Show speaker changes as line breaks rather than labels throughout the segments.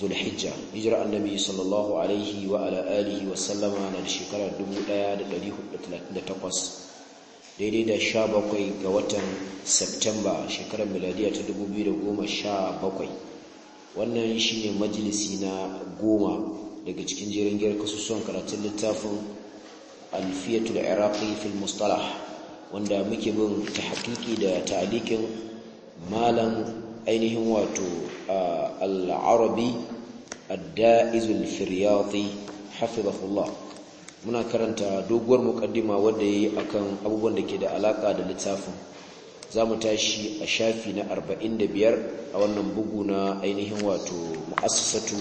zulhijja hijira annabi sallallahu alaihi wa ala alihi wa sallama na shekarar 1438 daidai da 17 ga watan Septemba shekarar miladiya ta 2017 wannan shine majalisi na goma daga cikin jerin giyar kasusuwan karatun littafin alfiyatul iraqi fil mustalah wanda muke bin tahqiqi da ta'liqin malam ainihin wato al'arabi adda'izul firyati hafizahullah muna karanta doguwar mukaddima wanda yayi akan abubuwan da ke da alaka da littafin mu tashi a shafi na 45 a wannan bugu na ainihin wato mu'assasatu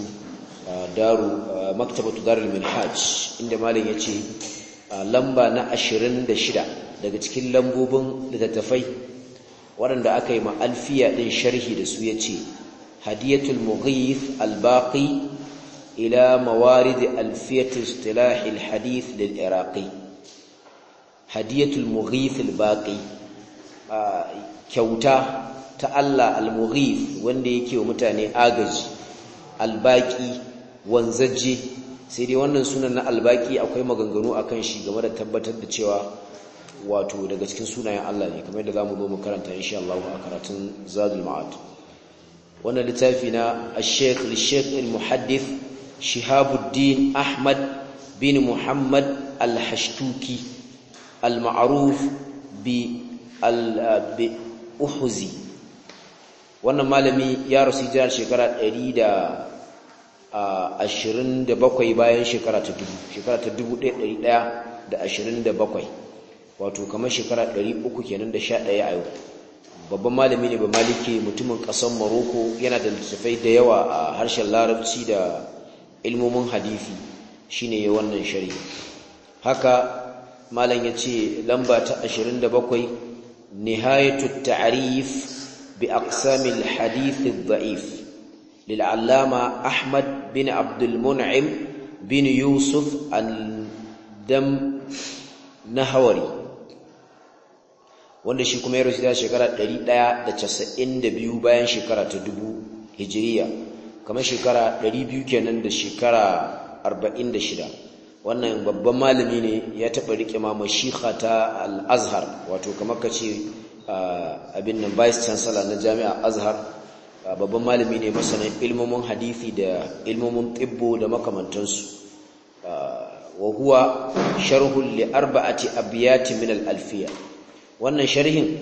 daru maktabatu darul minhaj inda malam yace lamba na 26 daga cikin lambobin littattafai waɗanda aka yi ma'alfiya ɗin sharhi da su ya ce hadiyatul mughith albaqi ila mawarid alfiyat istilah alhadith lil iraqi hadiyatul mughith albaqi kyauta ta Allah al wanda yake wa mutane agaji albaqi wanzaje sai dai wannan sunan na albaqi akwai maganganu akan shi game da tabbatar da cewa wato daga cikin sunayen Allah ne kamar yadda zamu zo mu karanta insha Allah a karatun Zadul Ma'ad wannan littafi na Al-Sheikh Al-Sheikh Al-Muhaddith Shihabuddin Ahmad bin Muhammad Al-Hashtuki Al-Ma'ruf bi Al-Uhuzi wannan malami ya rasu jihar shekara 127 bayan shekara ta 1000 shekara ta 1127 wato kamar shekara 300 kenan da 11 a yau babban malami ne ba maliki mutumin ƙasar maroko yana da littattafai da yawa a harshen Larabci da ilmomin hadisi shine ya wannan shari haka malam ya ce lamba ta 27 nihayatu ta'rif bi aqsamil hadith ad-da'if للعلامة أحمد بن عبد bin yusuf يوسف الدم wanda shi kuma ya rasu da shekara 192 bayan shekara ta dubu hijiriya kamar shekara 200 kenan da shekara 46 wannan babban malami ne ya taɓa riƙe mamashiha ta al wato kamar ka ce abin nan vice chancellor na jami'a azhar babban malami ne masanin ilmomin hadithi da ilmomin tibbo da makamantansu wa huwa sharhul li arba'ati abiyati min al-alfiya wannan sharhin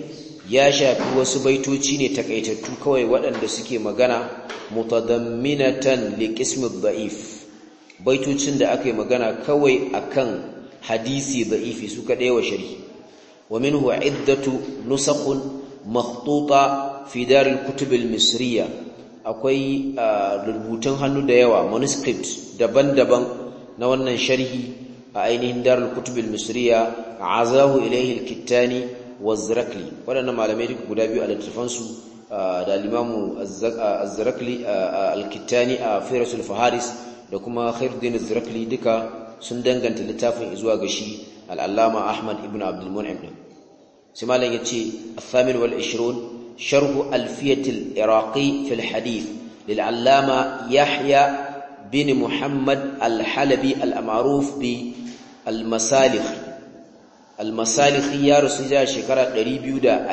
ya shafi wasu baitoci ne takaitattu kawai waɗanda suke magana mutadamminatan liqismi da'if baitocin da aka yi magana kawai akan hadisi da'ifi su kaɗai wa sharhi wa minhu iddatu nusakhun makhtuta fi dar al-kutub al-misriya akwai rubutun hannu da yawa manuscript daban-daban na wannan sharhi a ainihin darul kutub al-misriya azahu ilayhi al-kittani wa zirakli waɗannan malamai duk guda biyu a littattafansu da limamu zirakli alkitani a firasul faharis da kuma khairuddin zirakli duka sun danganta littafin zuwa ga shi al'allama ahmad ibn abdulmun'im ɗin sai malam ya ce athamin wal ishirun sharhu alfiyatil iraqi fil hadith allama yahya bin muhammad alhalabi al'amaruf bi al-masalikh almasalihi ya rasu da shekara 229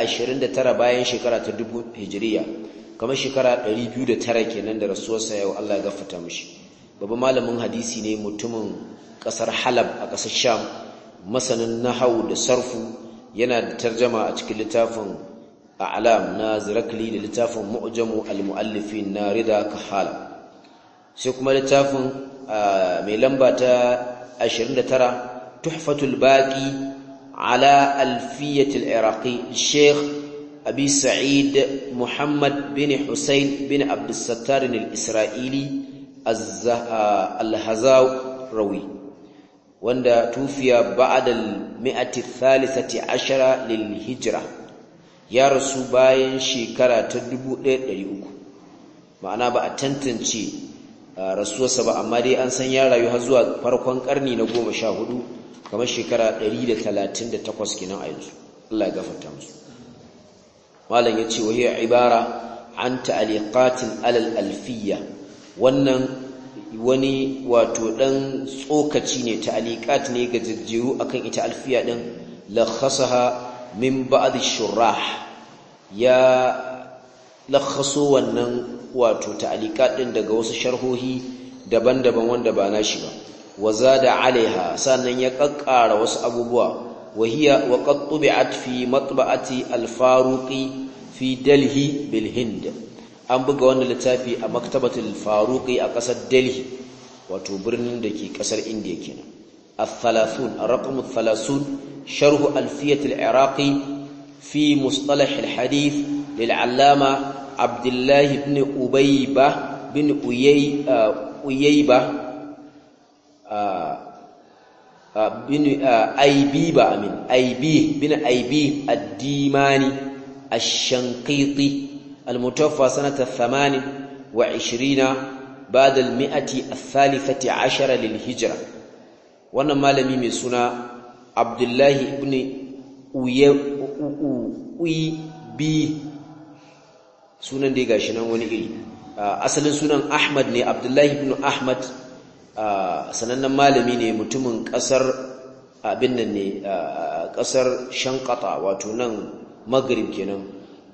bayan shekara ta 1000 hijiriya kamar shekara 209 kenan da rasuwarsa yau Allah ya gafarta mishi babban malamin hadisi ne mutumin kasar Halab a kasar Sham masanin nahau da sarfu yana da tarjama a cikin littafin a'lam na zirakli da littafin mu'jamu al-mu'allifin na Rida Kahala sai kuma littafin ah, mai lamba ta 29 tuhfatul baqi على ألفية العراقي الشيخ أبي سعيد محمد بن حسين بن عبد الستار الإسرائيلي الهزاوي وندا توفي بعد المئة الثالثة عشرة للهجرة ya rasu bayan shekara ta 1300 ma'ana ba a tantance rasuwarsa ba amma dai an san ya rayu har zuwa farkon karni na 14 kamar shekara 138 kenan a yanzu Allah ya gafarta musu malam yace wa hiya ibara an ta'liqatin alal alfiyya wannan wani wato dan tsokaci ne ta'liqat ne ga jajjiru akan ita alfiya din lakhasaha min ba'd shurrah ya lakhaso wannan wato ta'liqat din daga wasu sharhohi daban-daban wanda ba na shi ba wa zada alaiha sannan ya kakkara wasu abubuwa wa hiya wa qad tubi'at fi matba'ati al-faruqi fi Delhi bil Hind an buga wannan littafi a maktabatul faruqi a kasar Delhi wato birnin da ke kasar India kenan al-thalathun ar-raqam al-thalathun sharh alfiyat al-iraqi في مصطلح الحديث للعلامة عبد الله بن أبيبة بن أييبة bin aibi ba amin aibi bin aibi addimani ashankiti almutawaffa sanata 28 بعد المئة الثالثة عشر للهجرة وانا مالمي من سنة عبد الله ابن uyi bi sunan da ya gashi nan wani iri asalin sunan ahmad ne abdullahi ibn ahmad sanannen malami ne mutumin kasar abin nan ne kasar shankata wato nan maghrib kenan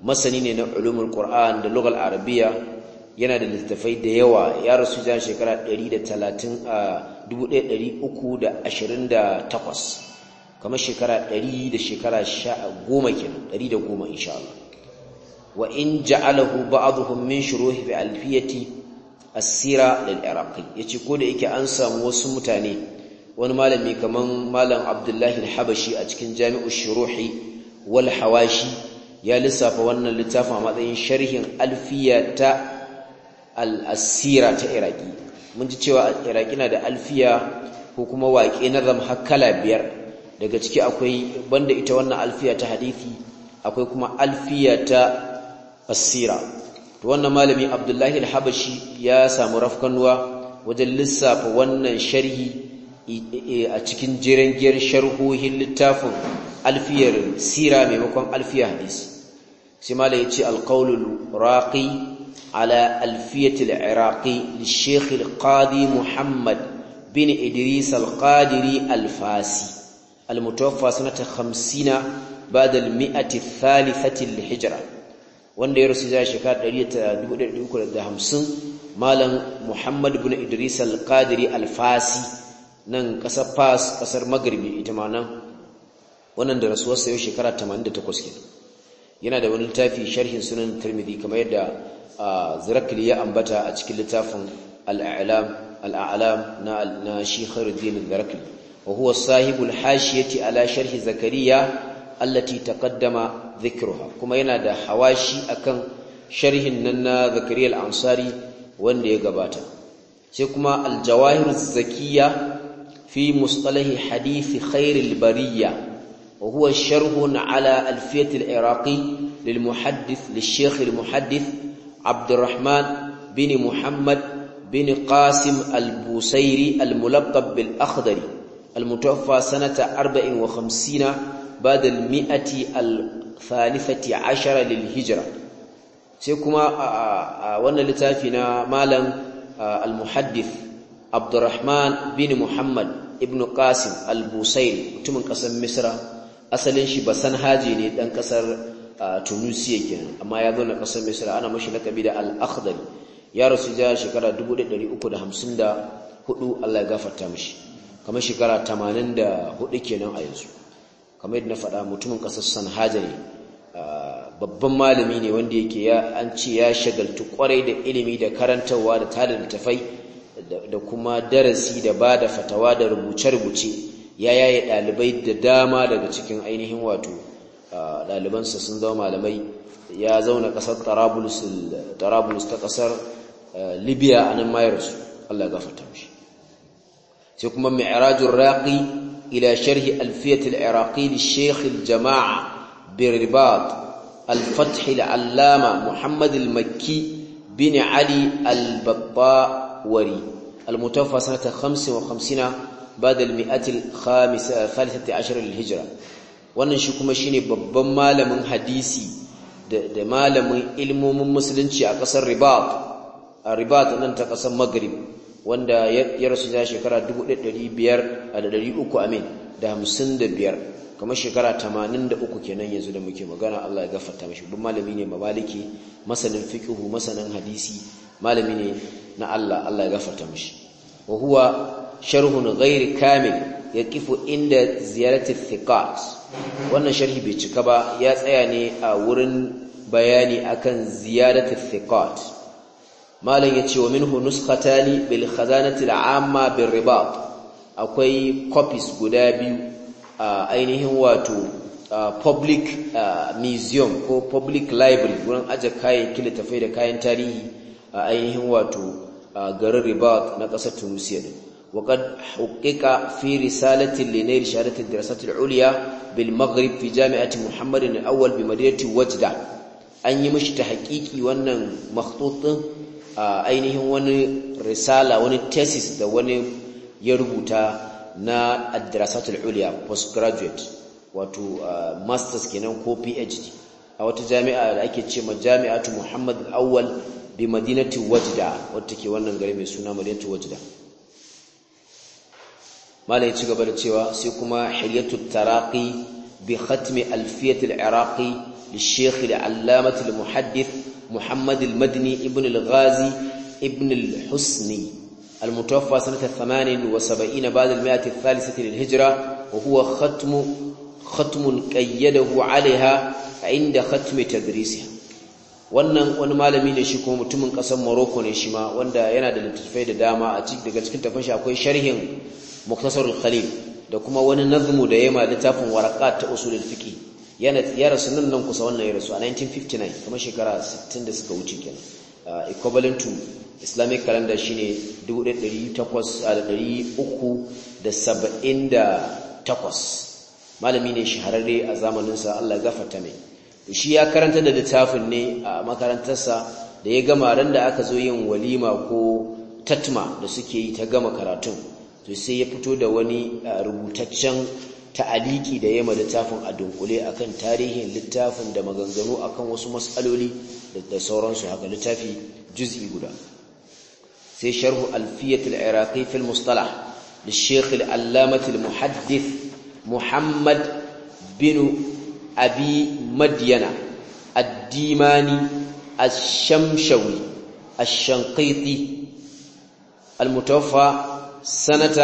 masani ne na ulumul qur'an da lugal arabiya yana da littafai da yawa ya rasu jan shekara 130 a 1328 kamar shekara 100 da shekara 10 kenan 110 insha Allah wa in ja'alahu ba'dhum min shuruhi bi alfiyati asira lil iraqi yace ko da yake an samu wasu mutane wani malami kamar malam abdullahi al-habashi a cikin jami'u shuruhi wal hawashi ya lissafa wannan littafin a matsayin sharhin alfiya ta al-asira ta iraqi mun ji cewa iraqi na da alfiya ko kuma waƙe na hakala biyar daga ciki akwai banda ita wannan alfiya ta hadisi akwai kuma alfiya ta asira to wannan malami abdullahi al-habashi ya samu rafkanuwa wajen lissafa wannan sharhi a cikin jirangiyar sharhohin littafin alfiyar sira maimakon alfiyar hadisi sai malai ya ce alƙaulul raƙi ala alfiyatul iraqi lishekh alqadi muhammad bin idris alqadiri alfasi المتوفى سنة خمسين بعد المئة الثالثة للهجرة wanda ya rasu zai shekara 1350 malam Muhammad bin Idris al-Qadiri al-Fasi nan kasar Fas kasar Maghribi ita ma nan wannan da rasuwar sa yau shekara 88 kenan yana da wani littafi sharhin sunan Tirmidhi kamar yadda Zirakli ya ambata a cikin littafin al-A'lam al-A'lam na na Shi Khairuddin Zirakli wa huwa sahibul hashiyati ala sharhi Zakariya allati taqaddama dhikruha kuma yana da hawashi akan sharhin nan na zakariyal ansari wanda ya gabata sai kuma aljawahir zakiyya fi mustalahi hadith khair albariya wa huwa sharhun ala alfiyat aliraqi lilmuhaddith lishaykh almuhaddith abdurrahman bin muhammad بن قاسم البوسيري الملقب بالأخضر المتوفى سنة أربع وخمسين بعد المئة الثالثة عشر للهجرة سيكما وانا لتافنا مالا المحدث عبد الرحمن بن محمد ابن قاسم البوسيل mutumin kasar Misra asalin shi basan haji ne dan kasar Tunisia kenan amma ya zo na kasar Misra ana mashi lakabi da al-Akhdari ya rasu ja shekara 1354 Allah ya gafarta mishi kamar shekara 84 kenan a yanzu kamar yadda na faɗa mutumin ƙasar san ne babban malami ne wanda yake ya an ce ya shagaltu kwarai da ilimi da karantarwa da tada littafai da kuma darasi da ba da fatawa da rubuce-rubuce ya yaye ɗalibai da dama daga cikin ainihin wato ɗalibansa sun zama malamai ya zauna ƙasar tarabulus ta ƙasar libya a nan mayarsu allah gafarta mashi sai kuma mai arajin raƙi إلى شرح ألفية العراقي للشيخ الجماعة برباط الفتح العلامة محمد المكي بن علي البطاوري المتوفى سنة خمس وخمسين بعد المئة الخامسة الثالثة عشر للهجرة wannan shi kuma shine babban malamin hadisi da malamin ilmomin musulunci a ƙasar ribat a ribat nan ta ƙasar maghrib wanda ya rasu ta shekara 1500 da kamar shekara 83 kenan yanzu da muke magana Allah ya gafarta mashi duk malami ne mabaliki masanin fiqhu masanin hadisi malami ne na Allah Allah ya gafarta mashi wa huwa sharhun ghair kamil yaqifu inda ziyarati thiqat wannan sharhi bai cika ba ya tsaya ne a wurin bayani akan ziyarati thiqat malam ya ce wa minhu nuskhatani bil khazanati al'amma bir ribat akwai copies guda biyu a ainihin wato public museum ko public library wurin aje kila tafai da kayan tarihi a ainihin wato garin ribat na ƙasar tunisia din وقد حقق في رسالة لنيل شهادة الدراسات العليا بالمغرب في جامعة محمد الأول بمدينة وجدة أن يمش تحقيقي wannan مخطوط ainihin wani risala wani thesis da wani ya rubuta na addirasatul uliya postgraduate wato masters kenan ko phd a wata jami'a da ake ce ma jami'atu muhammad awwal bi madinati wajda wata ke wannan gari mai suna madinati wajda malai ci gaba da cewa sai kuma hilyatu taraqi bi khatmi alfiyatul iraqi للشيخ العلامة muhaddith محمد المدني ابن الغازي ابن الحسني المتوفى سنة ثمان وسبعين بعد المائة الثالثة للهجرة وهو ختم ختم قيده عليها عند ختم تدريسها wannan wani malami ne shi kuma mutumin kasar Morocco ne shi ma wanda yana da littattafai da dama a cikin daga cikin tafin shi akwai sharhin Muktasarul Khalil da kuma wani nazmu da yema littafin waraqat ta usulul fiqh ya rasu nan nan kusa wannan ya rasu a 1959 kamar shekara 60 da suka wuce kenan uh, equivalent to islamic calendar shine 1878 malami ne shahararre a zamaninsa Allah gafarta mai shi ya karanta da littafin ne a makarantarsa da ya gama ran da aka zo yin walima ko tatma da suke yi ta gama karatun to sai ya fito da wani uh, rubutaccen ta'aliki da yema littafin a dunkule akan tarihin littafin da maganganu akan wasu matsaloli da sauransu haka littafi juz'i guda sai sharhu alfiyatul iraqi fil mustalah للشيخ العلامة المحدث muhammad bin abimadyana addimani الديماني الشمشوي الشنقيطي المتوفى سنة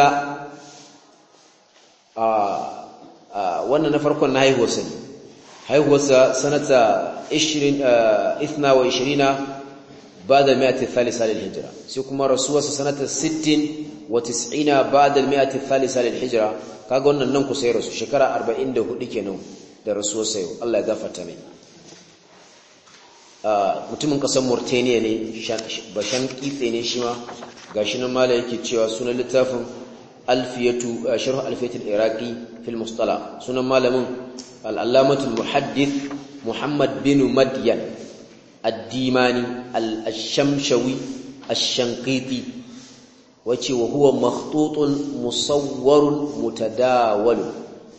wannan na farkon na haihuwarsa ne haihuwarsa sanata 22 ba da 103 salin hijira sai kuma rasuwarsa sanata 60 wa 90 ba da 103 salin hijira kaga wannan nan kusa yi rasu shekara 44 kenan da rasuwarsa yau Allah ya gafarta mai mutumin kasan murtaniya ne bashan kitse ne shi ma gashi nan mala yake cewa sunan littafin alfiyatu eh, sharh alfiyatul iraqi fil mustalah sunan malamin al-allamatul muhaddith muhammad bin madyan ad-dimani al-shamshawi ash-shanqiti wace wa huwa makhtutun musawwarun mutadawal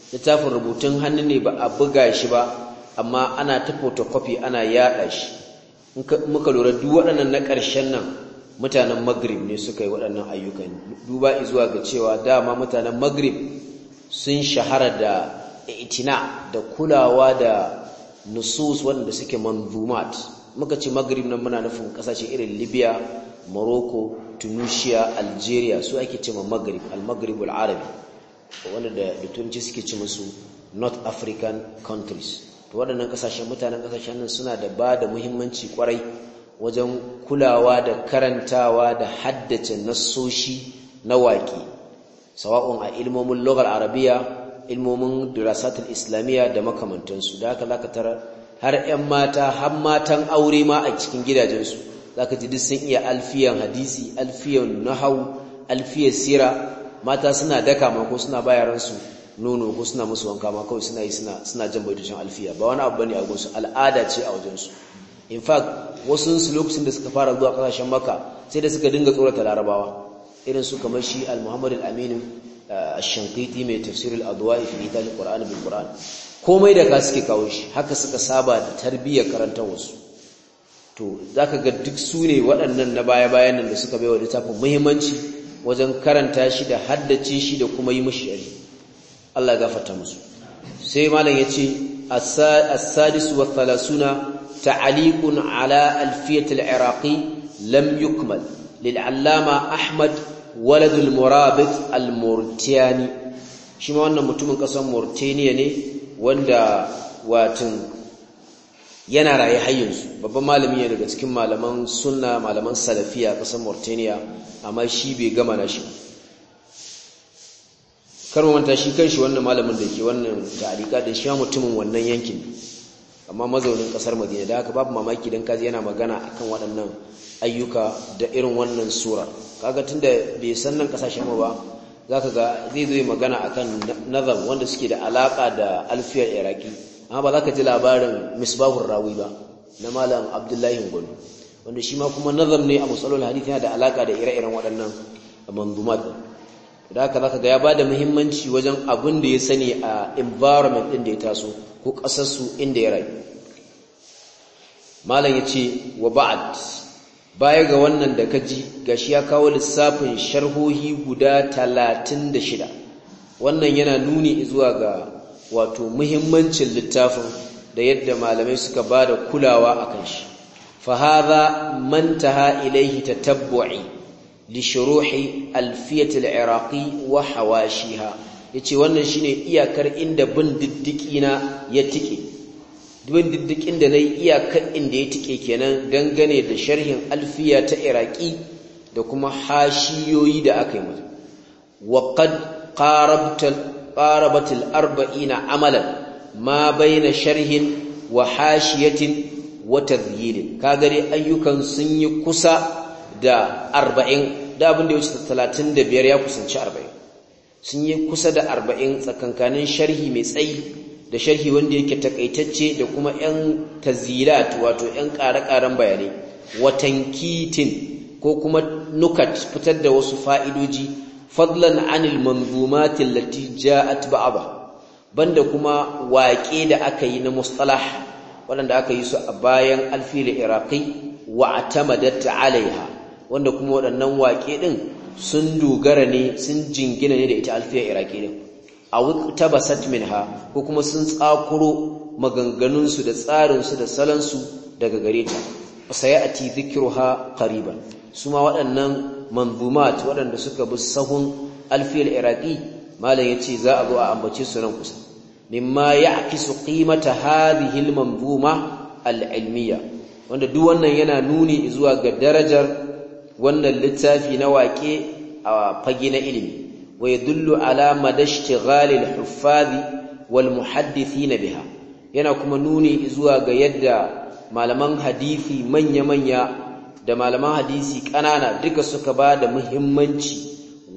littafin rubutun hannu ne ba a buga shi ba amma ana ta photocopy ana yada shi muka lura duk waɗannan na ƙarshen nan mutanen maghrib ne suka yi waɗannan ayyukan duba izuwa ga cewa dama mutanen maghrib sun shahara da itina da kulawa da nusus wanda suke manzumat muka ci maghrib nan muna nufin kasashe irin libya morocco tunisia algeria su ake cewa maghrib al-maghrib al-arabi wanda da suke ci musu north african countries to waɗannan kasashen mutanen kasashen nan suna da ba da muhimmanci kwarai wajen kulawa da karantawa da haddace nassoshi na waƙi sawa'un a ilmomin lokal arabiya ilmomin durasatul islamiyya da makamantansu da haka zaka tara har 'yan mata har matan aure ma a cikin gidajensu zaka ji duk sun iya alfiyan hadisi alfiyan nahau alfiyan sira mata suna daka ma ko suna bayaransu nono ko suna musu wanka ma kawai suna yi suna jan baitocin alfiya ba wani abu bane a gunsu al'ada ce a wajensu in fact wasu su lokacin da suka fara zuwa kasashen maka sai da suka dinga tsorata larabawa irin su kamar shi al-muhammad al-aminu eh, al-shankiti mai tafsirul adwa'i fi litali qur'an bil qur'an komai da ka suke kawo shi haka suka saba da tarbiyyar karantar wasu to zaka ga duk su ne waɗannan na baya-bayan nan da suka bai wa littafin muhimmanci wajen karanta shi da haddace shi da kuma yi mishi yari Allah ya gafarta musu sai malam ya as-sadis wa 30 ta'aliqun ala alfiyat al-iraqi lam yukmal lil'allama ahmad waladul murabit al-murtiyani shi ma wannan mutumin kasan murtaniya ne wanda watin yana raye hayyinsu babban malami ne daga cikin malaman sunna malaman salafiya kasan murtaniya amma shi bai gama na shi kar manta shi kanshi wannan malamin da ke wannan tarika da shi mutumin wannan yankin amma mazaunin kasar madina da haka babu mamaki don kazi yana magana a kan waɗannan ayyuka da irin wannan sura kaga da bai san nan kasashen ba ka ga zai zo magana a kan nazar wanda suke da alaka da alfiyar iraki amma ba za ka ji labarin misbahun rawi ba na malam abdullahi gwandu wanda shi ma kuma nazar ne a matsalolin hadith yana da alaka da ire-iren waɗannan manzumat da haka zaka ga ya ba da muhimmanci wajen abin da ya sani a environment ɗin da ya taso ko ƙasarsu inda ya rayu malam ce wa ba'ad baya ga wannan da ka ji ga shi ya kawo lissafin sharhohi guda talatin da shida, wannan yana nuni zuwa ga wato muhimmancin littafin da yadda malamai suka ba da kulawa a kan shi fa manta man taha ilayhi tatabbu'i لشروح الفية العراقي وحواشيها yace wannan shine iyakar inda bin diddikina ya tike bin diddikin da nayi iyakar inda ya tike kenan dangane da sharhin alfiya ta iraki da kuma hashiyoyi da aka yi mata wa qad qarabtal qarabatil arbaina amalan ma baina sharhin wa hashiyatin wa tadhyilin kaga dai ayyukan sun yi kusa da arba'in da abin da ya wuce talatin da biyar ya kusanci arba'in sun yi kusa da arba'in tsakankanin sharhi mai tsayi da sharhi wanda yake takaitacce da kuma 'yan tazilat wato 'yan ƙare-ƙaren bayanai watan kitin ko kuma nukat fitar da wasu fa'idoji fadlan anil manzumatin lati ja'at ba'aba banda kuma waƙe da aka yi na mustalah waɗanda aka yi su a bayan alfilin iraki wa tamadatta alaiha wanda kuma waɗannan waƙe ɗin sun dogara ne sun jingina ne da ita alfiyar iraki ɗin a tabasat minha ko kuma sun tsakuro maganganunsu da tsarinsu da salansu daga gare ta a ha ƙariba su ma waɗannan manzumat waɗanda suka bi sahun alfiyar iraki malam ya ce za a zo a ambace su nan kusa mimma ya'kisu su ƙimata haɗi manzuma buma wanda duk wannan yana nuni zuwa ga darajar wannan littafi na waƙe a fage na ilimi wa dullu ala madashtighali al-huffazi wal na biha yana kuma nuni zuwa ga yadda malaman hadisi manya-manya da malaman hadisi ƙanana duka suka ba da muhimmanci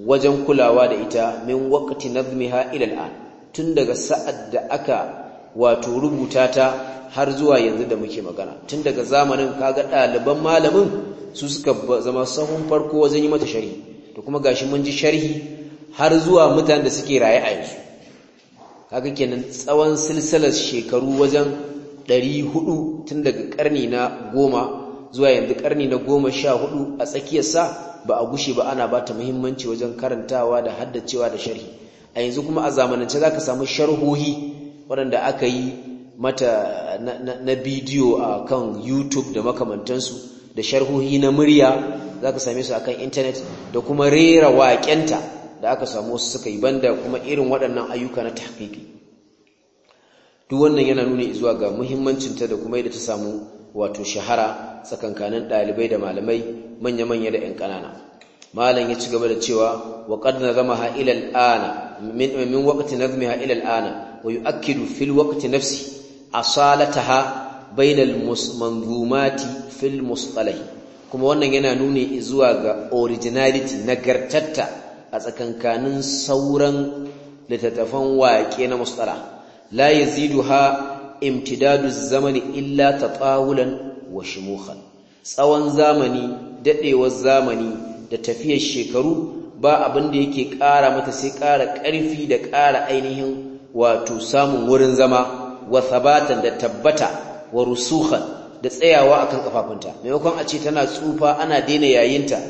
wajen kulawa da ita min waqti nazmiha ila al tun daga sa'ad da aka wato rubuta ta har zuwa yanzu da muke magana tun daga zamanin kaga ɗaliban malamin su suka zama sahun farko wajen yi mata sharhi to kuma gashi mun ji sharhi har zuwa mutanen da suke raye a yanzu kaga kenan tsawon silsilar shekaru wajen 400 tun daga karni na goma zuwa yanzu karni na goma sha hudu a tsakiyarsa ba a gushe ba ana ba ta muhimmanci wajen karantawa da haddacewa da sharhi a yanzu kuma a zamanance za ka samu sharhohi waɗanda aka yi mata na bidiyo a kan youtube da makamantansu da sharhohi na murya za ka same su a kan intanet da kuma rera waƙenta da aka samu wasu suka yi banda kuma irin waɗannan ayyuka na tahqiqi duk wannan yana nuna zuwa ga muhimmancinta da kuma yadda ta samu wato shahara tsakankanin ɗalibai da malamai manya-manya da 'yan ƙanana malam ya ci gaba da cewa waƙar na zama ila min waƙar na zama ila wa yu'akkidu fil waqti nafsi asalataha bainal manzumati fil kuma wannan yana nuni zuwa ga originality nagartatta a tsakankanin sauran littattafan waƙe na musqala la yaziduha imtidadu zamani illa tatawulan wa shimukhan tsawon zamani dadewar zamani da tafiyar shekaru ba abin da yake ƙara mata sai ƙara ƙarfi da ƙara ainihin wato samun wurin zama wa sabatan da tabbata wa rusukhan da tsayawa akan kafafunta maimakon a ce tana tsufa ana daina yayinta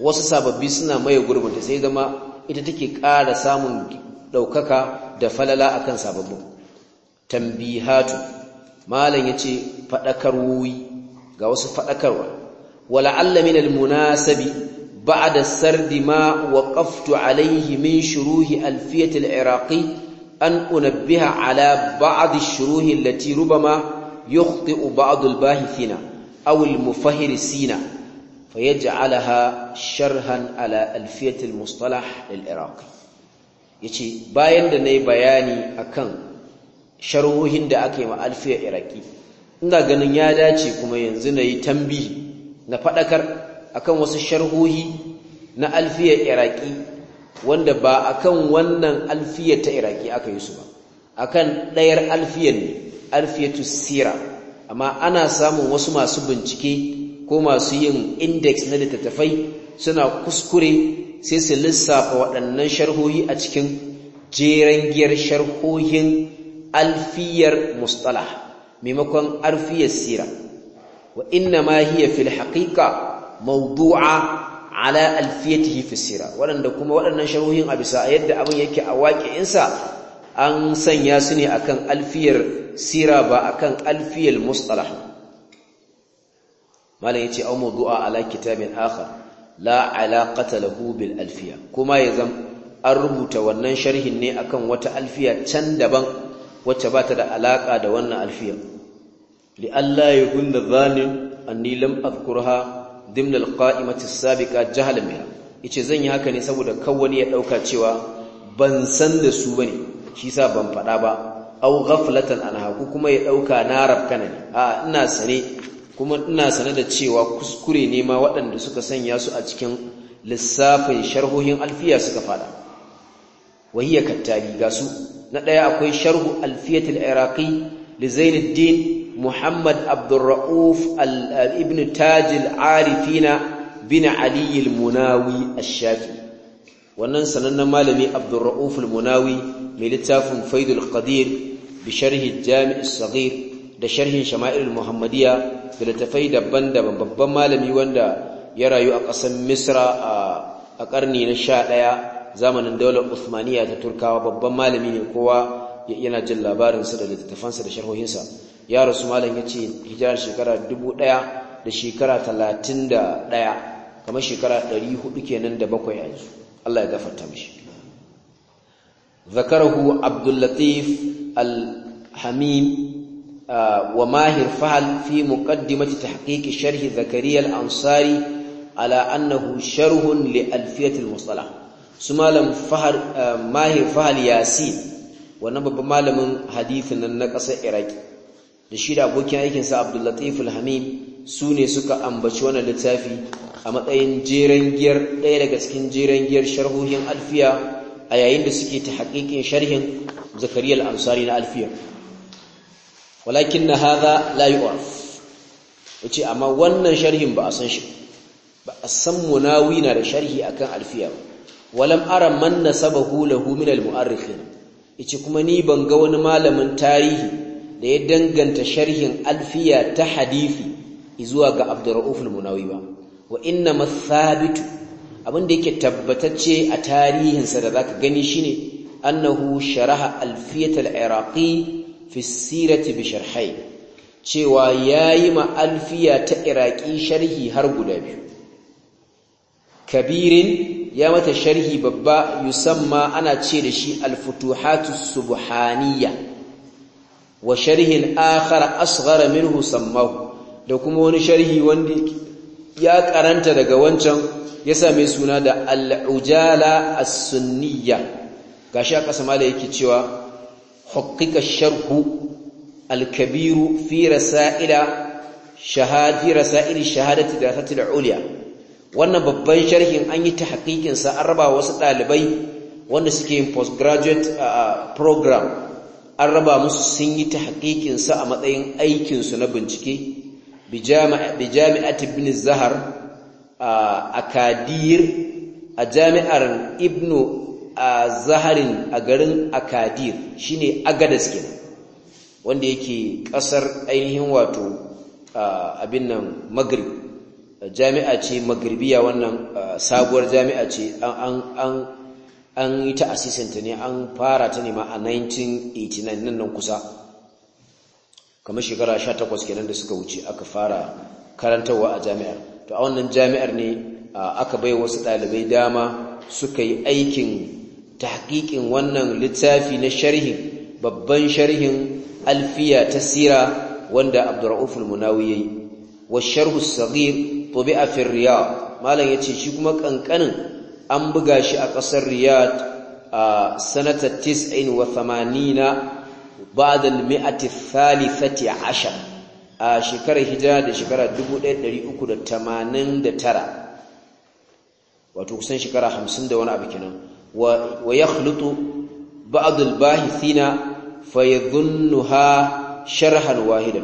wasu sababbi suna maye gurbinta sai zama ita take ƙara samun ɗaukaka da falala akan sababbin tambihatu malam yace fadakarwoyi ga wasu fadakarwa wala'alla min almunasabi ba'da sardi ma waqaftu alayhi min shuruhi alfiyat aliraqi an unabbiha ala ba'd ash-shuruhi allati rubama yukhti'u ba'd al-bahithina aw al-mufahhirisina fayaj'alaha sharhan ala alfiyat al-mustalah lil-iraqi yace bayan da nayi bayani akan sharhohin da aka yi ma alfiyar iraqi ina ganin ya dace kuma yanzu nayi tambihi na fadakar akan wasu sharhohi na alfiyar iraqi wanda ba akan wannan alfiyar ta iraki aka yi su ba akan ɗayar alfiyar ne alfiyatu sira amma ana samun wasu masu bincike ko masu yin index na littattafai suna kuskure sai su lissafa waɗannan sharhohi a cikin jerangiyar sharhohin alfiyar mustala maimakon alfiyar sira wa inna ma hiya fil haqiqa mawdu'a ala alfiyatihi fi sira waɗanda kuma waɗannan sharhohin a bisa yadda abin yake a waƙi'insa an sanya su ne akan alfiyar sira ba akan alfiyar mustalah malam yace aw mawdu'a ala kitabin akhar la alaqata lahu bil alfiya kuma yazam an rubuta wannan sharhin ne akan wata alfiya can daban wacce ba ta da alaka da wannan alfiya li alla yakun dhalim anni lam adhkurha dimna alqa'imati sabiqa jahalan biha yace zan yi haka ne saboda kawani ya dauka cewa ban san da su bane shi sa ban fada ba aw ghaflatan anha ko kuma ya dauka na rabkana ne a ina sane kuma ina sane da cewa kuskure ne ma waɗanda suka sanya su a cikin lissafin sharhohin alfiya suka fada wahiya kattali ga su na daya akwai sharhu alfiyatul iraqi li zainuddin muhammad abdurra'uf ibn tajil arifina bin ali al-munawi ash-shafi wannan sanannen malami abdurra'uf al-munawi mai littafin faidul qadir bi sharhi jami' da sharhin shama'il al-muhammadiyya da littafai daban-daban babban malami wanda ya rayu a ƙasar misra a ƙarni na ɗaya zamanin daular uthmaniya ta turkawa babban malami ne kowa yana jin labarinsa da littattafansa da sharhohinsa ya rasu malam ya ce hijirar shekara dubu ɗaya da shekara talatin da ɗaya kamar shekara ɗari hudu kenan da bakwai yanzu Allah ya gafarta mishi zakarahu abdullatif al-hamim wa mahir fahal fi muqaddimati tahqiqi sharhi zakariya al-ansari ala annahu sharhun li alfiyat al su malam mahir fahal yasin wannan babban malamin hadisin nan na ƙasar iraki da shi da abokin aikinsa abdullatif alhamim su ne suka ambaci wannan littafi a matsayin jeren giyar ɗaya daga cikin jeren giyar sharhohin alfiya a yayin da suke ta haƙiƙin sharhin zakariya al'amsari na alfiya walakin na haza layi orf wuce amma wannan sharhin ba a san shi ba a san munawi na da sharhi akan alfiya ba walam ara man na lahu min al-mu'arrikhin kuma ni ban ga wani malamin tarihi da ya danganta sharhin alfiya ta hadithi zuwa ga abdurrauf al-munawi ba wa inna mathabitu abin da yake tabbatacce a tarihinsa da zaka gani shine annahu sharaha alfiyat al-iraqi fi sirati bi sharhay cewa yayi ma alfiya ta iraqi sharhi har guda biyu kabirin ya mata sharhi babba yusamma ana ce da shi al-futuhatus subhaniyya wa sharhin akhar asghara minhu sammahu da kuma wani sharhi wanda ya karanta daga wancan ya same suna da al-ujala as-sunniyya gashi a kasa mala yake cewa haqiqa sharhu al-kabiru fi rasaila shahadi rasail shahadati darasatil wannan babban sharhin an yi tahqiqin sa an raba wasu dalibai wanda suke postgraduate program an raba musu sun yi ta haƙiƙinsa a matsayin aikinsu na bincike bi jami'at ibn zahar a akadir a jami'ar ibn zaharin a garin akadir shine agadas wanda yake ƙasar ainihin wato abin nan magrib jami'a ce magribiya wannan sabuwar jami'a ce an an yi ta asisinta ne an fara ta nema a 1989 nan nan kusa kamar shekara 18 kenan da suka wuce aka fara karantarwa a jami'ar to a wannan jami'ar ne aka bai wasu ɗalibai dama suka yi aikin tahqiqin wannan littafi na sharhin babban sharhin alfiya ta sira wanda abdurrauf almunawi yayi wa sharhu as-saghir tubi'a fi riyad malan yace shi kuma kankanin an buga shi a ƙasar riyadh a sanatar ba da المئة الثالثة عشر a shekarar hijira da shekarar 1389 wato kusan shekara 50 da wani abu kenan wa yakhlutu ba'd al-bahithina ha sharhan wahida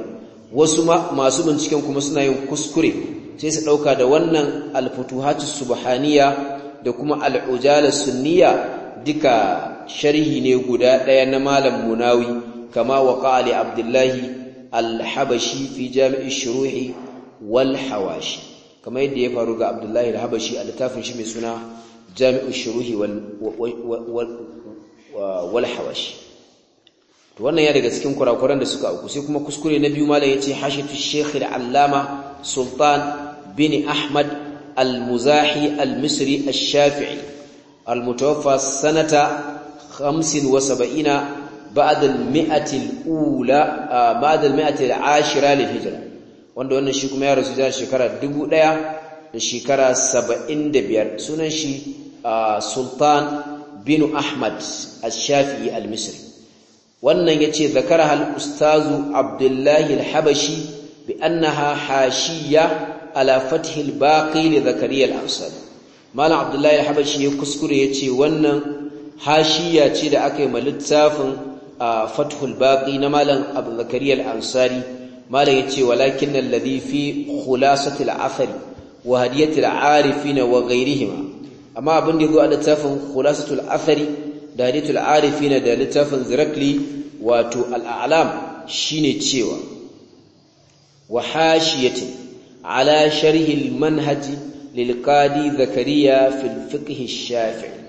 wasu masu binciken kuma suna yin kuskure sai su dauka da wannan al-futuhatus subhaniya da kuma al'ujala sunniya duka sharhi ne guda ɗaya na malam munawi kama waƙa ali abdullahi alhabashi fi jami'i shuruhi wal kama yadda ya faru ga abdullahi alhabashi a littafin shi mai suna jami'i shuruhi walhawashi hawashi wannan ya daga cikin kurakuran da suka auku sai kuma kuskure na biyu malam ya ce hashitu shekhi da allama sultan bin ahmad al-Muzahi al-Misri al-Shafi'i al-mutawaffa sanata 75 بعد المئة الأولى بعد المئة العاشرة للهجرة wanda wannan shi kuma ya rasu da shekara 1000 da shekara 75 sunan shi Sultan bin Ahmad Ash-Shafi'i al-Misri wannan yace zakara hal ustazu abdullahi al-Habashi bi annaha hashiya ala fathil baqi li zakariya al-ansari malam abdullahi al-habashi ya kuskure yace wannan hashiya ce da aka yi ma littafin fathul baqi na malam abu zakariya al-ansari malam yace walakin alladhi fi khulasatil athari wa hadiyatil arifina wa ghayrihima amma abin da yazo a littafin khulasatul athari da hadiyatul arifina da littafin zirakli wato al-a'lam shine cewa wa hashiyatin على شرح المنهج للقاضي زكريا في الفقه الشافعي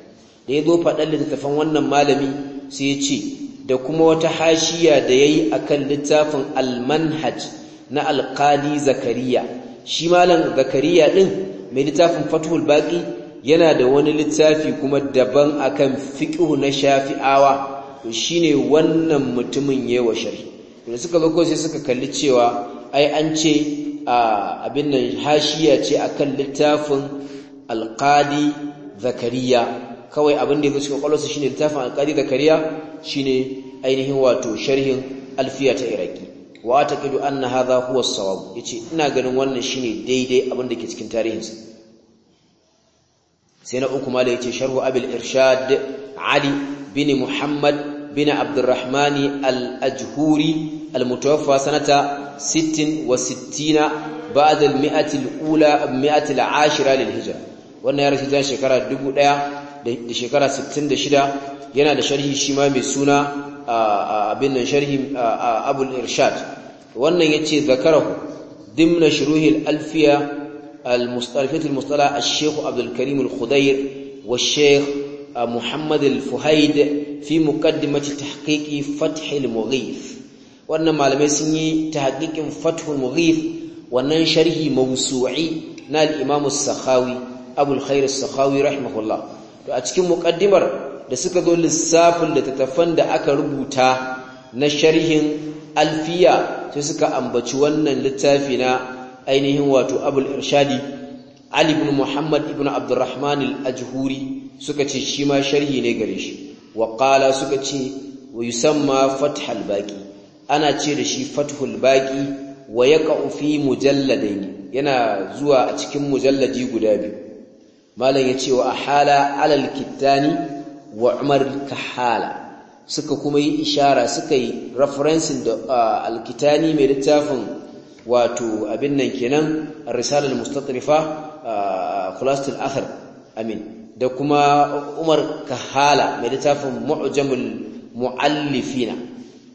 da yazo faɗar littattafan wannan malami sai ya ce da kuma wata hashiya da yayi akan littafin al-manhaj na alkali zakariya shi malam zakariya din mai littafin fathul baqi yana da wani littafi kuma daban akan fiqh na shafi'awa to shine wannan mutumin yayi wa sharhi da suka zo sai suka kalli cewa ai an ce abin nan hashiya ce akan littafin alqadi zakariya kawai abin da yake cikin shi ne littafin alqadi zakariya shine ainihin wato sharhin alfiya ta iraki wa annaha anna hadha huwa yace ina ganin wannan shine daidai abin da ke cikin tarihinsa sai na uku mala yace sharhu abil irshad ali bin muhammad بن عبد الرحمن الأجهوري المتوفى سنة ست وستين بعد المئة الأولى ashira العاشرة للهجرة وأن يرسل شكرا دبو da shekara 66 yana da sharhi shi ma mai suna abin nan sharhi abul irshad wannan yace zakarahu dimna shuruhi al-alfiya al-mustalafat al-mustala al-sheikh wa Muhammad al-Fuhaid fi muqaddimati tahqiqi Fath al-Mughith wannan malamai sun yi tahqiqin Fath al-Mughith wannan sharhi mawsu'i na al-Imam as-Sakhawi Abu al-Khair as-Sakhawi rahimahullah to a cikin muqaddimar da suka zo lissafin da da aka rubuta na sharhin alfiya sai suka ambaci wannan littafi na ainihin wato Abu al-Irshadi Ali ibn Muhammad ibn Abdurrahman al-Ajhuri suka ce shi ma sharhi ne gare shi wa qala suka ce wa ma fathul baqi ana ce da shi fathul baqi wa yaqa'u fi mujalladaini yana zuwa a cikin mujalladi guda biyu malam yace wa ahala alal kittani wa umar kahala suka kuma yi ishara suka yi referencing da alkitani mai littafin wato abin nan kenan a risalar mustatrifa khulasatul athar amin da kuma Umar Kahala mai littafin Mu'jamul Mu'allifina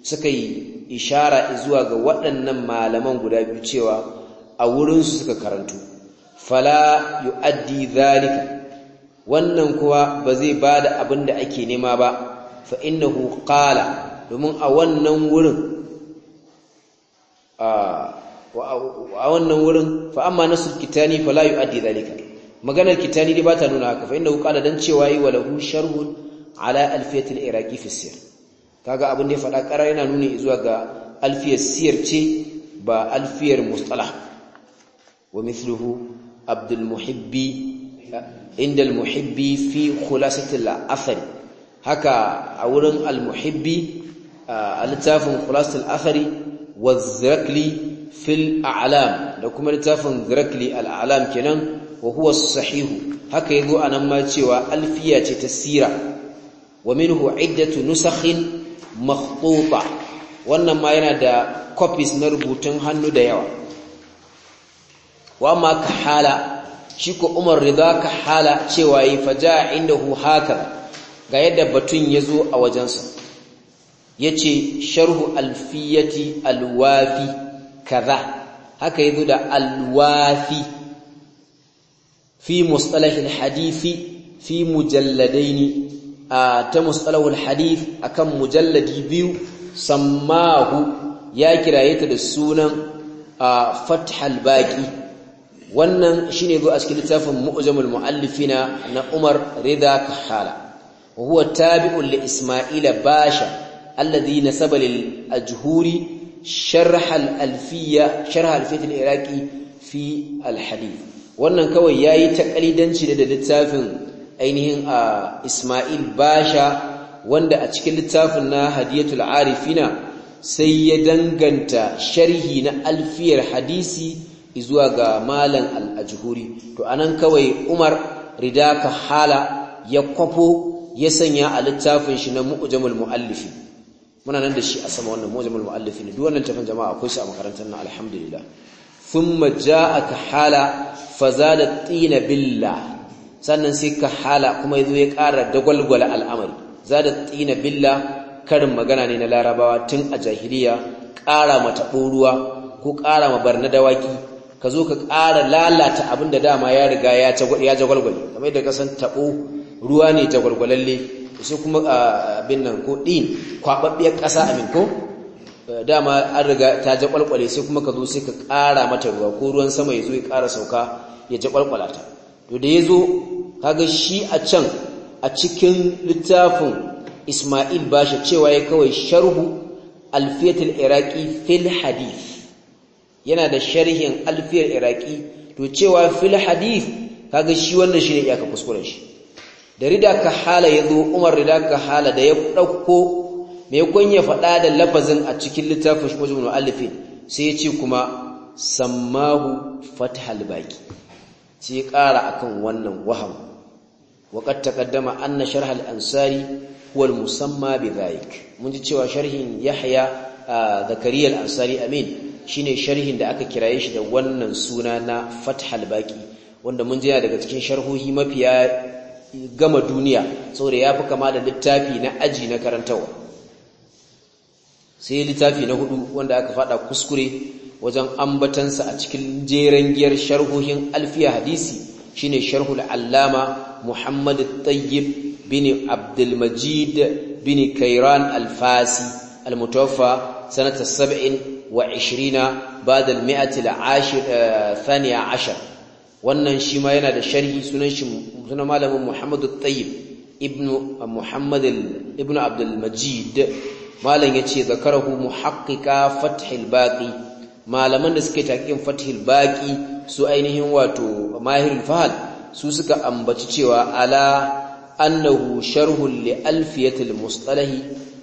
suka yi ishara zuwa ga waɗannan malaman guda biyu cewa a wurin suka karantu fala yu'addi zalika wannan kuwa ba zai ba da abin da ake nema ba fa innahu qala domin a wannan wurin a wannan wurin fa amma nasul kitani fala yu'addi zalika maganar kitani dai bata nuna haka fa inda qala dan cewa yi walahu sharhun ala alfiyat al-iraqi fi sir kaga abin da ya faɗa ƙara yana nuni zuwa ga alfiyar siyar ce ba alfiyar mustalah wa mithluhu abdul muhibbi inda al-muhibbi fi khulasatil athari haka a wurin al-muhibbi a littafin khulasatil athari wa zirakli fil a'lam da kuma littafin zirakli alalam kenan wa huwa sahihu haka yazo anan ma cewa alfiya ce ta sira wa minhu iddatu nusakhin makhtuta wannan ma yana da copies na rubutun hannu da yawa wa ma kahala shi ko Umar Ridha kahala cewa yi faja indahu haka ga yadda batun yazo a wajen wajensa yace sharhu alfiyati alwafi kaza haka yazo da alwafi fi mustalahil hadifi fi mujalladaini a ta mustalahul hadith akan mujalladi biyu sammahu ya kiraye ta da sunan fathal baqi wannan shine zo a cikin littafin mu'jamul muallifina na Umar ridha Kahala huwa tabi'un li isma'ila Basha alladhi nasaba lil ajhuri sharh al alfiya sharh al al iraqi fi al hadith wannan kawai yayi takalidanci ne da littafin ainihin a Ismail Basha wanda a cikin littafin na Hadiyatul Arifina sai ya danganta sharhi na alfiyar hadisi izuwa ga malam al'ajihuri To a nan kawai Umar ridaka hala ya kwafo ya sanya a littafin shi na mu'jamul muallifi muna nan da shi a sama wannan mu'jamul muallifi ne duk wannan tafin jama'a akwai shi a makarantar nan alhamdulillah thumma ja'aka hala fazada tina billah sannan sai ka hala kuma yazo ya ƙara dagwalgwala al'amari zada tina billah karin magana ne na larabawa tun a jahiliya ƙara mata ruwa ko ƙara ma barna dawaki ka zo ka ƙara lalata abin da dama ya riga ya ya jagwalgwale kamar yadda ka san tabo ruwa ne jagwalgwalalle sai kuma ah, abin nan ko ɗin kwaɓaɓɓiyar ƙasa amin ko dama an riga ta kwalkwale sai kuma ka zo sai ka ƙara mata ruwa ko ruwan sama ya zo ya ƙara sauka ya jakwalkwala ta to da ya zo kaga shi a can a cikin littafin ismail bashi cewa ya kawai sharhu alfiyatul iraqi fil hadith yana da sharhin alfiyar iraqi to cewa fil hadith kaga shi wannan shine iyaka kuskuren shi da rida ka hala yazo umar rida ka hala da ya dauko me kun ya faɗa da lafazin a cikin littafin wajen muallifin sai ya ce kuma sammahu fathal baki ce ƙara akan wannan waham wa kad taqaddama anna sharh al ansari huwa al musamma bi dhalik mun ji cewa sharhin yahya zakariya al ansari amin shine sharhin da aka kiraye shi da wannan suna na fathal baƙi, wanda mun ji daga cikin sharhohi mafiya gama duniya saboda fi kama da littafi na aji na karantawa sai littafi na hudu wanda aka fada kuskure wajen ambatansa a cikin jeren giyar sharhohin alfiya hadisi shine sharhul allama muhammad tayyib bin abdulmajid bin kairan alfasi almutawaffa sanata 27 ba'da al-mi'ati al-ashir eh, thaniya ashar wannan shi ma yana da sharhi sunan shi sunan malamin muhammad tayyib ibnu muhammad ibnu malam ce zakarahu muhaqqiqa fathil baqi malaman da suke taqiqin fathil baqi su ainihin wato mahirin fahal su suka ambaci cewa ala annahu sharhun li alfiyatil mustalahi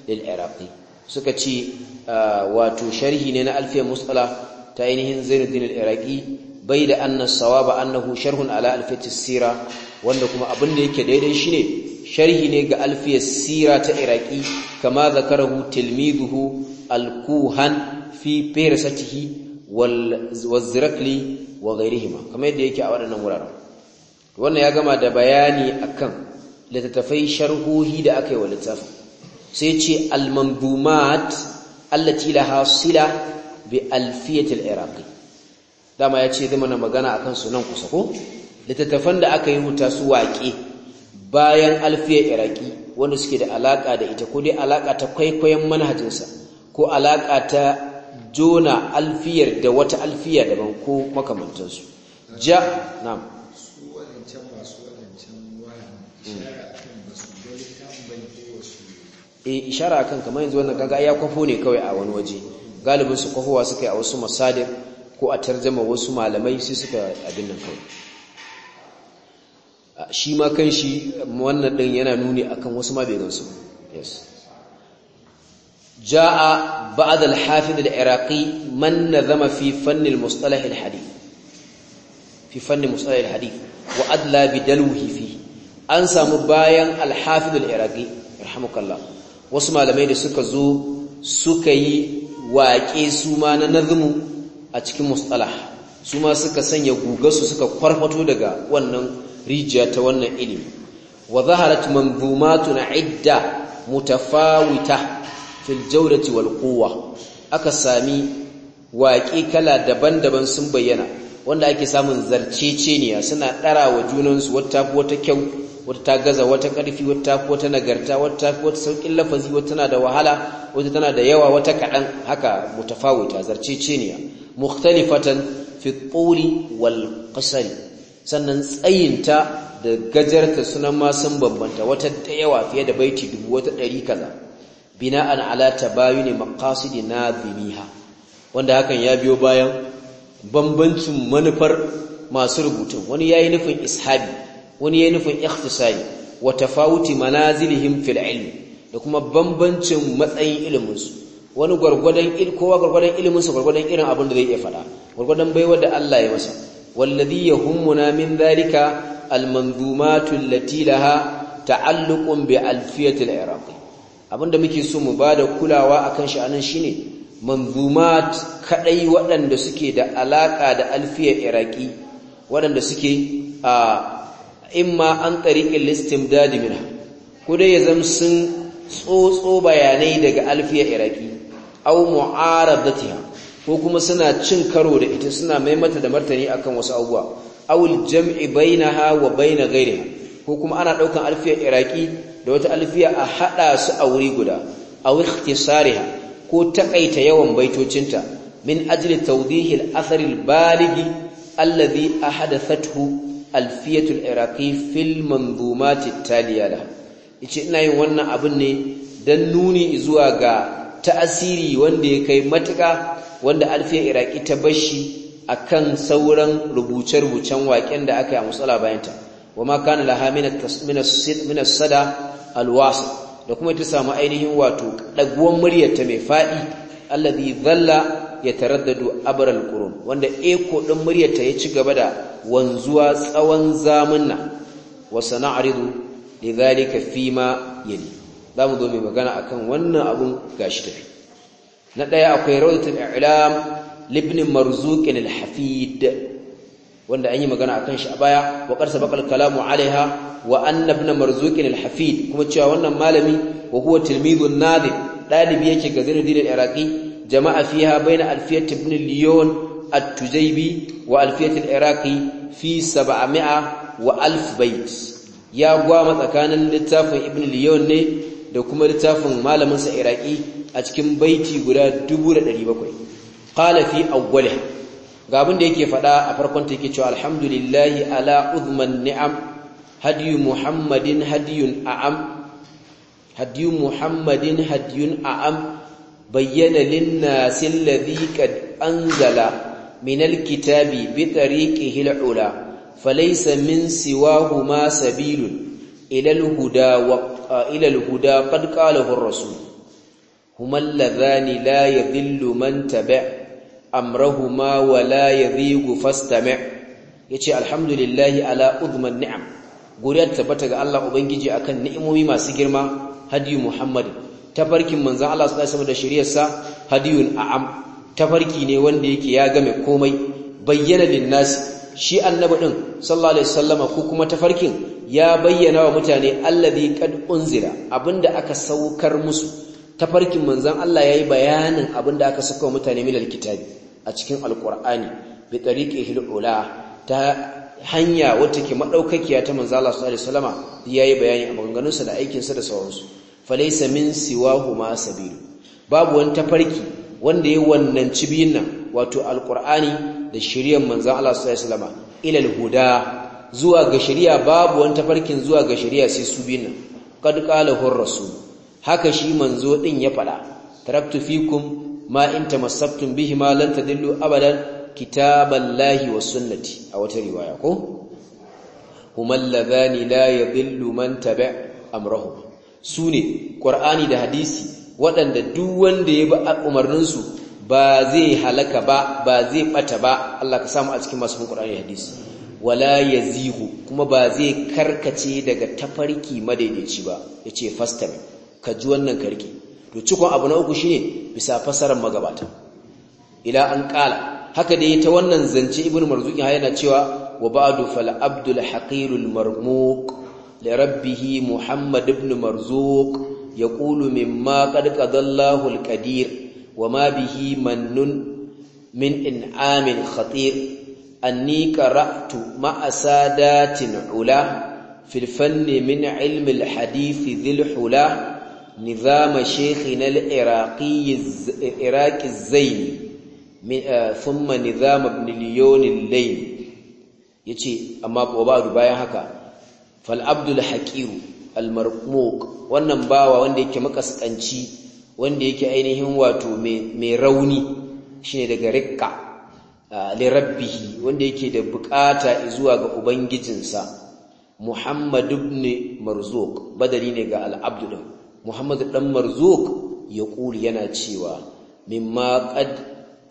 lil iraqi suka ce ah, wato sharhi ne na alfiyar mustalah ta ainihin zainuddin al iraqi bai da annas sawaba annahu sharhun ala alfiyatis sira wanda kuma abin da yake daidai shine sharhi ne ga alfiyar sira ta iraki kama zakarahu tilmiduhu alkuhan fi firsatihi wal zirakli wa ghairihima kamar yadda yake a waɗannan wuraren wannan ya gama da bayani akan littattafai sharhohi da aka yi wa littafin sai ce al-manzumat allati laha sila bi alfiyatil iraqi dama ya ce zama na magana akan sunan nan kusa ko littattafan da aka yi huta su waƙe bayan alfiyar iraki wanda suke da alaka da ita ko dai alaka ta kwaikwayon manhajinsa ko alaka ta jona alfiyar da wata alfiya daban ko makamantansu
ja na.
su masu ishara eh, kan kamar yanzu wannan kaga ya kwafo ne kawai a wani waje galibin su kwafowa suka yi a wasu masadir ko a tarjama wasu malamai sai suka abin nan kawai shi ma kan shi wannan ɗin yana nuni akan wasu ma bai gansu ja'a ba'd al-hafiz al-iraqi fi fannin al hadith fi fannin mustalah hadith wa adla bi fi an samu bayan al-hafiz al-iraqi wasu malamai da suka zo suka yi waƙe su ma na nazmu a cikin mustalah su ma suka sanya gugarsu suka kwarfato daga wannan rijiya ta wannan ilimi wa zaharat manzumatun idda mutafawita fil jawdati wal quwwa aka sami waƙe kala daban-daban sun bayyana wanda ake samun zarceceniya suna ɗara wa junansu wata ko wata kyau wata ta gaza wata ƙarfi wata ko wata nagarta wata ko wata sauƙin lafazi wata tana da wahala wata tana da yawa wata kaɗan haka mutafawita zarceceniya mukhtalifatan fi qawli wal qasari sannan tsayinta da gajarta sunan ma sun bambanta wata da yawa fiye da baiti dubu wata ɗari kaza bina'an ala tabayuni maqasidi nadhimiha wanda hakan ya biyo bayan bambancin manufar masu rubutu, wani yayi nufin ishabi wani yayi nufin ikhtisari wa tafawuti manazilihim fil ilm da kuma bambancin matsayin ilimin su wani gurgurdan il kowa gurgurdan ilimin su gurgurdan irin abin da zai iya faɗa. gurgurdan baiwar da Allah ya masa والذي يهمنا من ذلك المنظومات التي لها تعلق بألفية العراقي abinda muke so mu bada kulawa akan shi anan shine manzumat kadai waɗanda suke da alaka da alfiyar iraki waɗanda suke a imma an tariqil istimdad minha ko dai ya zama sun tsotso bayanai daga alfiyar iraki aw mu'aradatiha ko kuma suna cin karo da ita suna mai mata da martani akan wasu abubuwa awul jam'i bainaha wa baina ghairiha ko kuma ana daukan alfiyar iraki da wata alfiya a hada su a wuri guda aw ikhtisariha ko takaita yawan baitocinta min ajli tawdih al-athar al-baligh alladhi ahadathathu alfiyatu al-iraqi fil manzumat at-taliya la ina yin wannan abin ne dan nuni zuwa ga ta'asiri wanda ya kai matuka wanda alfiya iraki ta bashi akan sauran rubuce-rubucen waƙen da aka yi a matsala bayanta wa ma kana laha min as-sada al da kuma ta samu ainihin wato daguwan muryarta mai fadi alladhi dhalla yataraddadu abra al-qurun wanda eko din muryarta ya ci gaba da wanzuwa tsawon zamanna wa sana'ridu ma fima yali zamu zo mai magana akan wannan abun gashi tafi na daya akwai rawdatul i'lam libn marzuq al-hafid wanda an yi magana akan shi a baya wa qarsa baqal kalamu alaiha wa anna ibn marzuq al-hafid kuma cewa wannan malami wa huwa tilmidun nadir dalibi yake ga Zainuddin iraqi jama'a fiha baina alfiyat ibn al-Liyon التجيبي والفيه العراقي في 700 والف بيت يا غوا متكان لتاف ابن ليون ne da kuma littafin malamin sa iraki a cikin baiti guda 1700 ɗari fi awwalih ga abin da yake fada a farkon ta yake cewa alhamdulillahi ala uzman ni'am hadiyu muhammadin hadiyun a'am hadiyu muhammadin hadiyun a'am bayyana lin-nasi alladhi qad anzala min kitabi bi tariqihi al falaysa min siwahu ma sabilun ila al wa ila al-huda qad qalahu ar-rasul huma alladhani la yadhillu man taba' amrahuma wa la yadhigu fastami' yace alhamdulillahi ala udman ni'am guriyar tabbata ga Allah ubangiji akan ni'imomi masu girma hadiyu muhammad tafarkin manzon Allah sallallahu alaihi wasallam da shari'arsa hadiyun a'am tafarki ne wanda yake ya game komai bayyana lin shi annabi din sallallahu alaihi wasallama ko kuma tafarkin ya bayyana wa mutane allazi qad unzira abinda aka saukar musu tafarkin manzon Allah yayi bayanin abinda aka saka mutane min kitabi. a cikin alqur'ani bi tariqihil ula ta hanya wata ke madaukakiya ta manzon Allah sallallahu alaihi wasallama yayi bayani a sa da aikinsa da sauransu falaysa min siwahuma sabilu babu wani tafarki wanda ya wannan cibiyin nan wato alqur'ani da shiriyar manzan Allah sallallahu alaihi ilal huda zuwa ga shari'a babu wani tafarkin zuwa ga shari'a sai su bin kad qala rasul haka shi manzo din ya fada taraktu fikum ma in tamassaktum bihi ma lan tadillu abadan kitaballahi was sunnati a wata riwaya ko humal ladhani la yadhillu man tabi amrahu. sune qur'ani da hadisi waɗanda duk wanda ya bi umarninsu ba zai halaka ba ba zai bata ba Allah ka samu a cikin masu Qur'ani hadisi wala yazihu kuma ba zai karkace daga tafarki madaidaici ba yace fastam ka ji wannan karki to cikon abu na uku shine bisa fasarar magabata ila an kala haka dai ta wannan zance ibnu marzuki ha yana cewa wa ba'du fal abdul haqirul marmuq li rabbih muhammad ibn marzuq yaqulu mimma qad qadallahu al wa ma bihi mannun min in'amin khatir anni qara'tu ma sadatin ula fil fanni min ilmi al hadith dhil hula نظام شيخنا العراقي العراقي الزين ثم نظام yace amma ba'du bayan haka fal abdul haqir al marmuq wannan bawa wanda yake makaskanci wanda yake ainihin wato mai rauni shine daga rikka lirabbihi wanda yake da bukata zuwa ga ubangijinsa muhammad ibn marzuk badali ne ga al'abdu ɗin muhammad dan marzuk ya kuli yana cewa mimma qad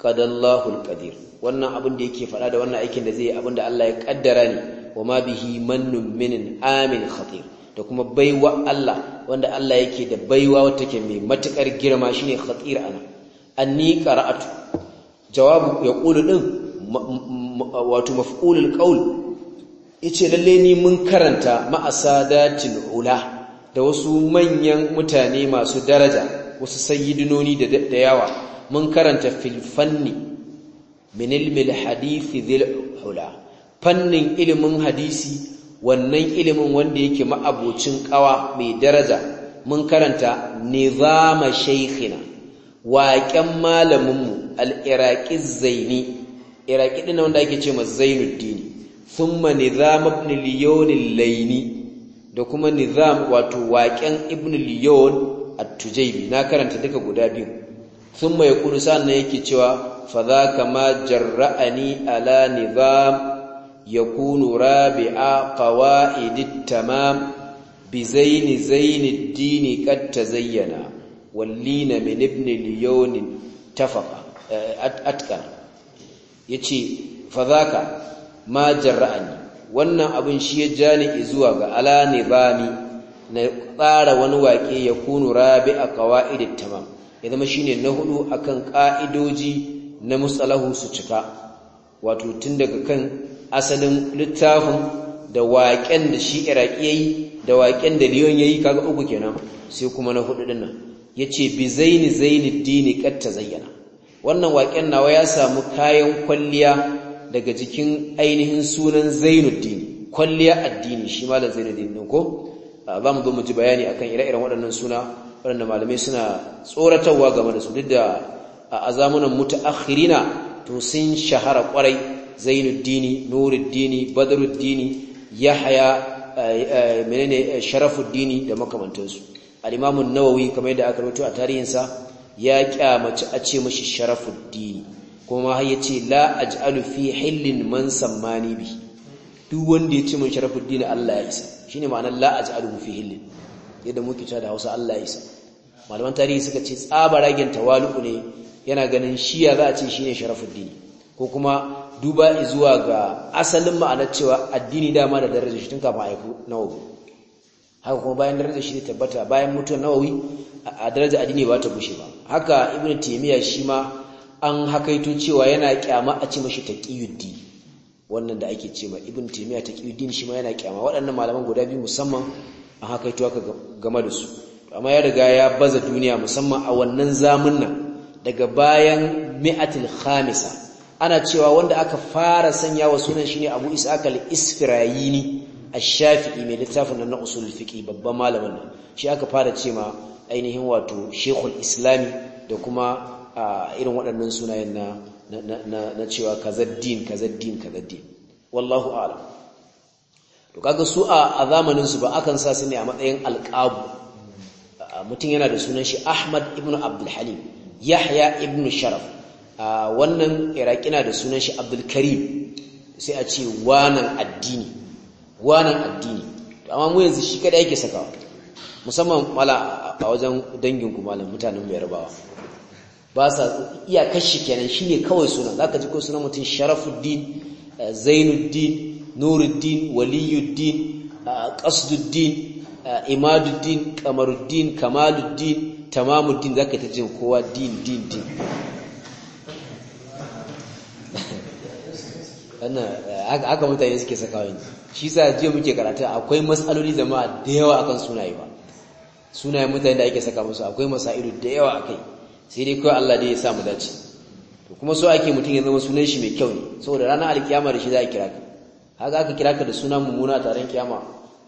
qadallahu alqadir wannan abin da yake faɗa da wannan aikin da zai abin da Allah ya ƙaddara ne wa ma bihi mannun minin amin khatir da kuma baiwa Allah wanda Allah yake da baiwa wata ke mai matukar girma shine khatir ana anni qara'atu jawabu yaqulu din wato maf'ulul qaul yace lalle ni mun karanta ma'asadatil ula da wasu manyan mutane masu daraja wasu sayyidinoni da yawa mun karanta fil fanni min ilmi al ula fannin ilimin hadisi wannan ilimin wanda yake ma'abocin ƙawa mai daraja mun karanta nizama shaikhina. waƙen malaminmu al-iraqi zaini iraƙi ɗin wanda ake cewa zainuddin sun ma ibn al laini da kuma nizam wato waƙen ibn a na karanta duka guda biyu Sun thumma yaqulu na yake cewa fa za ka ma jarra'ani ala nizam yakunu rabi'a qawaidit tamam bi zaini zaini dini qad tazayyana wallina min ibn al-yawni tafaqa eh, atqa yace fadhaka ma jarra'ani wannan abin shi ya jani zuwa ga ala ne bani na tsara wani waƙe Yakunu Rabi'a rabi a ya zama shi ne na hudu akan ƙa'idoji na musalahu su cika wato tun daga kan asalin littafin da waƙen da shi iraki yi da waƙen da liyon yi kaga uku kenan sai kuma na hudu dinnan ya ce bi zaini zaini dini katta zayyana. wannan waƙen nawa ya samu kayan kwalliya daga jikin ainihin sunan Zainuddin kwalliya addini shi malam Zainuddin din ko ah, za mu zo mu bayani akan ire-iren waɗannan suna waɗanda malamai suna tsoratarwa game da su duk da a zamunan mutaakhirina to sun shahara kwarai zainuddini nuruddini badruddini yahya eh, eh, menene eh, sharafuddini da makamantansu al-imam nawawi kamar yadda aka rubuta a tarihinsa ya kyamaci a ce mashi sharafuddini kuma har yace la aj'alu fi hillin man sammani bi duk wanda ya ce min sharafuddini Allah ya isa shine ma'anar la aj'alu fi hillin yadda muke cewa da Hausa Allah ya isa malaman tarihi suka ce tsabaragen tawalu ne yana ganin shi ya za a ce shine sharafuddini ko kuma duba zuwa ga asalin ma'anar cewa addini dama da darajar shi tun kafin haifu nawawi haka kuma bayan darajar shi tabbata bayan mutuwar nawawi a darajar addini ba ta bushe ba haka ibn taymiya shi ma an hakaito cewa yana kyama a ce mashi taqiyuddin wannan da ake cewa ibn taymiya taqiyuddin shi ma yana kyama waɗannan malaman guda biyu musamman an hakaito haka game da su amma ya riga ya baza duniya musamman a wannan zamun nan daga bayan mi'atul khamisa ana cewa wanda aka fara sanya wa sunan shine Abu Ishaq al-Isfirayini ash-Shafi'i mai littafin nan na usul fiqi babban malamin nan shi aka fara ma ainihin wato Sheikhul Islami da kuma irin waɗannan sunayen na na cewa kazaddin kazaddin kazaddin wallahu a'lam to kaga su a zamanin su ba akan sa su ne a matsayin alqabu mutum yana da sunan shi Ahmad ibn Abdul Halim Yahya ibn Sharaf wannan Iraƙina da sunan shi abdulkarim sai a ce wanan addini wanan addini amma mu yanzu shi kada yake sakawa musamman mala a wajen dangin ku malam mutanen mai rabawa ba sa iya kashi kenan shine kawai sunan zaka ji ko sunan mutum sharafuddin eh, zainuddin nuruddin waliyuddin eh, qasduddin eh, imaduddin kamaruddin kamaluddin tamamuddin zaka ta jin kowa din din din wannan eh, haka mutane suke saka yanzu shi sa jiya muke karatu akwai matsaloli jama'a da yawa akan sunaye ba sunayen mutane da ake saka musu akwai masailu da yawa akai sai dai kawai Allah dai ya sa mu dace to kuma so ake mutum ya zama sunan shi mai kyau ne saboda ranar alkiyama da shi za a kira ka haka aka kira ka da sunan mummuna taron kiyama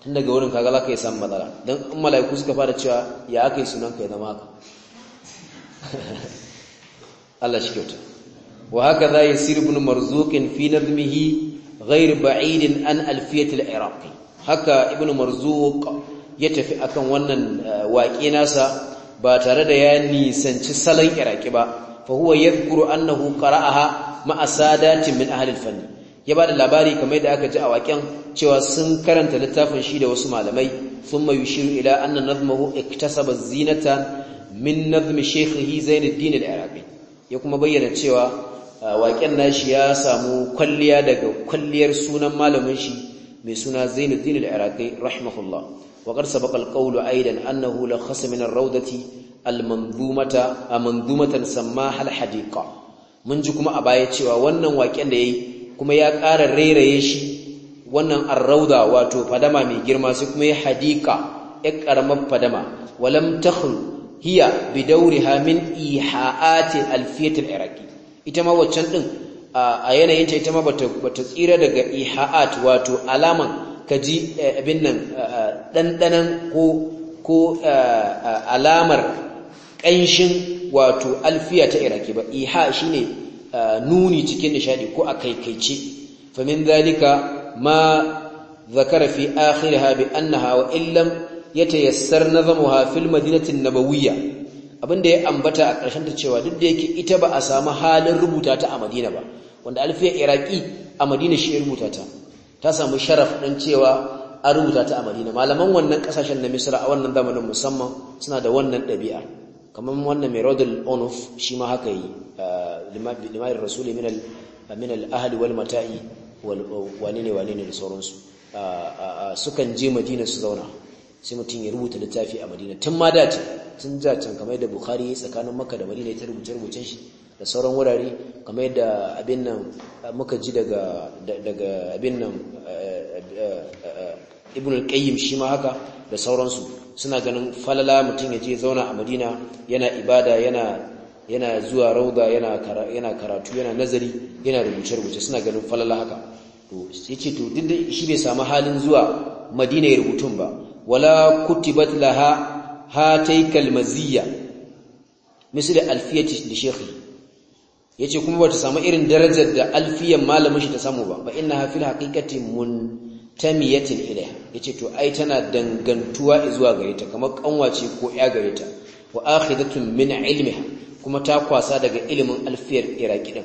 tun daga wurin kaga za ka yi samun matsala don in mala'iku suka fara cewa ya aka yi sunan ka ya zama haka Allah shi kyauta wa haka za وهكذا يسير ابن fi في نظمه ba'idin an عن الفيه العراقي هكا ابن مرزوق يتفي اكن wannan waqi nasa ba tare da ya nisanci salon iraki ba fa huwa yadhkuru annahu qara'aha ma'asa sadati min ahli al-fani ya da labari kamar da aka ji a waken cewa sun karanta littafin shi da wasu malamai thumma shiru ila anna nazmuhu iktasaba zinata min nazmi shaykhihi zainuddin al-iraqi ya kuma bayyana cewa waƙen nashi ya samu kwalliya daga kwalliyar sunan malamin shi mai suna Zainuddin al-Iraqi rahimahullah wa qad sabaqa al-qawlu aidan annahu la khasa min ar-rawdati al-manzumata amandumatan sammaha al-hadiqa mun ji kuma a baya cewa wannan waken da yayi kuma ya ƙara rairaye shi wannan ar-rawda wato fadama mai girma sai kuma ya hadiqa ya karamar fadama walam takhlu hiya bidawriha min iha'ati al-fiyat al-iraqi ita ma waccan din a yanayin ta ita ma bata tsira daga iha'at wato alaman kaji eh, abin nan dandanan eh, eh, ko alamar ƙanshin wato alfiya ta iraki ba iha shine nuni cikin nishadi ko a kaikaice famin zalika ma ذكر في آخرها بأنها وإن لم na zama في المدينة nabawiyya Abin da ya ambata a ƙarshen ta cewa duk da yake ita ba a samu halin rubuta ta a Madina ba wanda alfiya iraki a Madina shi ya rubuta ta ta samu sharaf ɗin cewa a rubuta ta a Madina malaman wannan ƙasashen na Misra a wannan zamanin musamman suna da wannan ɗabi'a kamar wannan mai Rodul Onuf shi ma haka yi eh, limayar rasuli min al-ahli wal mata'i wane ne wane ne da sauransu eh, eh, sukan je Madina su zauna sai mutum ya rubuta littafi a Madina tun ma dace tun da can kamar da bukhari tsakanin maka da madina ya rubuce rubucen shi da sauran wurare kamar da abin nan muka ji daga abin nan eh, eh, eh, ibn al-qayyim shi ma haka da sauransu suna ganin falala mutum ya je zauna a madina yana ibada yana zuwa rauda yana karatu yana nazari yana rubuce-rubuce suna ganin falala haka to ce to duk da shi bai samu halin zuwa Madina ya rubutun ba wala kutibat laha hatai kalmaziyya misali alfiyati da shekhi yace kuma bata samu irin darajar da alfiyan malamin shi ta samu ba fa inna fil haqiqati muntamiyatin ilayha yace to ai tana dangantuwa zuwa gare ta kamar kanwace ko ya gare ta wa akhidatun min ilmiha kuma ta kwasa daga ilimin alfiyar iraki din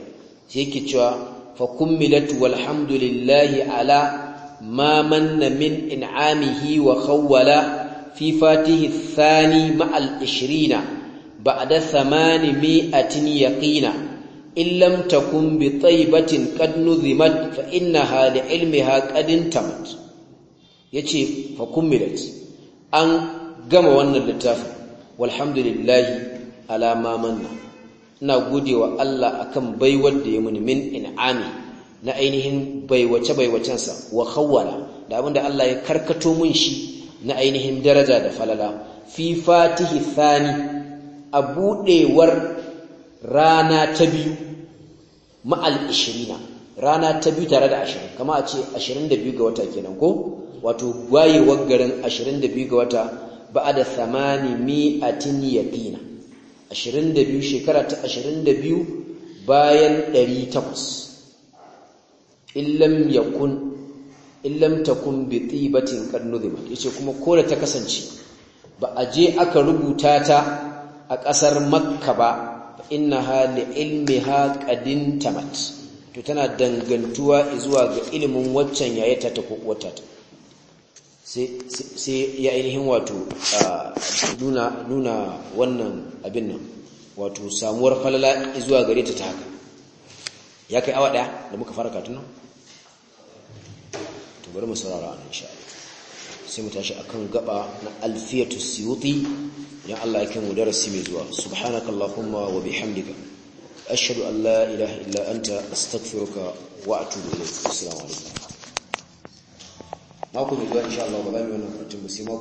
yake cewa fa kummilat walhamdulillahi ala ma manna min in'amihi wa khawwala fi fatihi thani ma'al ishirina ba'da thamani mi'atin yaƙina in lam takun bi taibatin qad nuzimat fa innaha li ilmiha qad intamat yace fa kummilat an gama wannan littafin walhamdulillahi ala ma manna ina godewa Allah akan baiwar da ya muni min in'ami na ainihin baiwace baiwacensa wa kawwala. da abinda Allah ya karkato mun shi na ainihin daraja da falala fi fatihi thani a buɗewar rana ta biyu ma'al ishirina rana ta biyu tare da ashirin kama a ce ashirin da biyu ga wata kenan ko wato wayewar garin ashirin da biyu ga wata ba'a da thamani mi'atin yaqina ashirin da biyu shekara ta ashirin da biyu bayan ɗari takwas illam yakun illam takun bi tibatin qad yace kuma ko da ta kasance ba a je aka rubuta ta a ƙasar makka ba inna hali ilmiha qadin tamat to tana dangantuwa zuwa ga ilimin waccan yayin ta ta kokwata sai ya ilhin wato nuna nuna wannan abin nan wato samuwar falala zuwa gare ta ta haka ya kai awa daya da muka fara katuna? bari mu saurara an insha Allah sai mu tashi akan gaba na alfiyatu siyuti idan Allah ya kai mu darasi mai zuwa subhanakallahumma wa bihamdika ashhadu an la ilaha illa anta astaghfiruka wa atubu ilayk assalamu alaikum mako mai zuwa insha Allah ba za mu yi wannan karatun